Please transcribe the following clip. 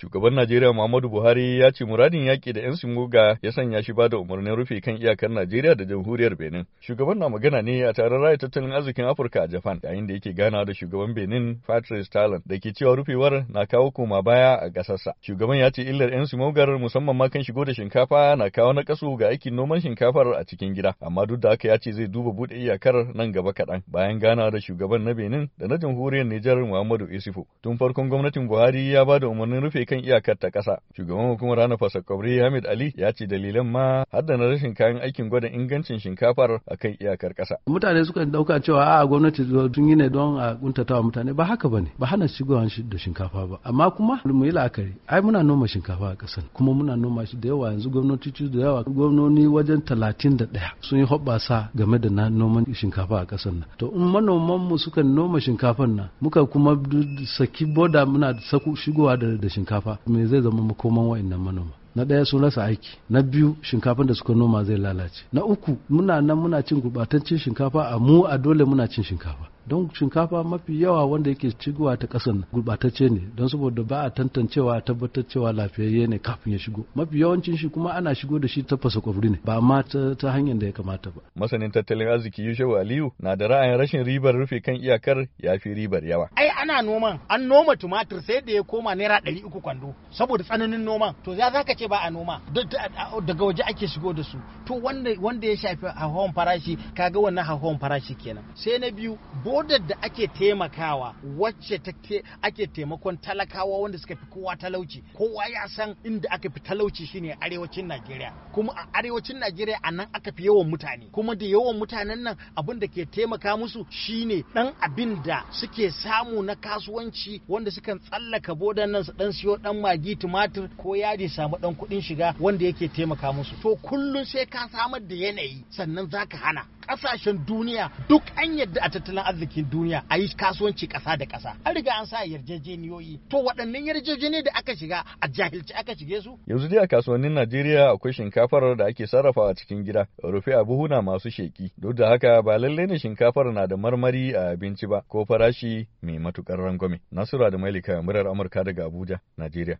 Shugaban Najeriya Muhammadu Buhari ya ce muradin yaƙi da 'yan simoga ya sanya shi ba da umarnin rufe kan iyakar Najeriya da jamhuriyar Benin. Shugaban na magana ne a taron raya tattalin arzikin Afirka a Japan yayin da yake ganawa da shugaban Benin Patrice Talon da ke cewa rufewar na kawo koma baya a ƙasarsa. Shugaban ya ce illar 'yan simogar musamman ma kan shigo da shinkafa na kawo na kasu ga aikin noman shinkafar a cikin gida. Amma duk da haka ya ce zai duba buɗe iyakar nan gaba kaɗan bayan ganawa da shugaban na Benin da na jamhuriyar Nijar Muhammadu Isifo. Tun farkon gwamnatin Buhari ya ba da umarnin rufe kan iyakar ta ƙasa. Shugaban hukumar hana fasakwabri Hamid Ali ya ce dalilan ma hadda na rashin kayan aikin gwada ingancin shinkafar a kan iyakar ƙasa. Mutane suka ɗauka cewa a gwamnati sun yi ne don a wa mutane ba haka ba ne ba hana shigowa da shinkafa ba amma kuma mu yi la'akari ai muna noma shinkafa a ƙasar kuma muna noma shi da yawa yanzu gwamnati da yawa gwamnoni wajen talatin da ɗaya sun yi hoɓɓasa game da noman shinkafa a ƙasar nan to in manoman mu suka noma shinkafan nan muka kuma saki boda muna saku shigowa da shinkafa shinkafa me zai zama makoman wa'annan manoma na ɗaya sun rasa aiki na biyu shinkafan da suka noma zai lalace na uku muna nan muna cin gubatancin shinkafa a mu a dole muna cin shinkafa don shinkafa mafi yawa wanda yake cigowa ta kasan gurbatacce ne don saboda ba a tantancewa a tabbatar cewa lafiyayye ne kafin ya shigo mafi yawancin shi kuma ana shigo da shi ta fasa kwabri ne ba ma ta, hanyar da ya kamata ba masanin tattalin arziki yusuf aliyu na da ra'ayin rashin ribar rufe kan iyakar ya fi ribar yawa ana noman an noma tumatir sai da ya koma naira ɗari uku kwando saboda tsananin noman to za zaka ce ba a noma daga waje ake shigo da su to wanda ya shafi hauhawan farashi kaga wannan hauhawan farashi kenan sai na biyu bodar da ake taimakawa wacce ake taimakon talakawa wanda suka fi kowa talauci kowa ya san inda aka fi talauci shine arewacin Najeriya kuma a arewacin Najeriya a nan aka fi yawan mutane kuma da yawan mutanen nan abin da ke taimaka musu shine dan abin da suke samu na kasuwanci wanda sukan tsallaka bodan nan su dan siyo dan magi tumatir ko yadi samu dan kudin shiga wanda yake taimaka musu to kullun sai ka samar da yanayi sannan zaka hana kasashen duniya duk an yadda a tattalin arzikin duniya a yi kasuwanci kasa da kasa an riga an sa yarjejeniyoyi to waɗannan yarjejeniyoyi da aka shiga a jahilci aka shige su yanzu dai a kasuwannin Najeriya akwai shinkafar da ake sarrafawa cikin gida rufe a na masu sheki duk da haka ba lalle ne shinkafar na da marmari a abinci ba ko farashi mai matukar rangwame Nasura da mailika murar Amurka daga Abuja Najeriya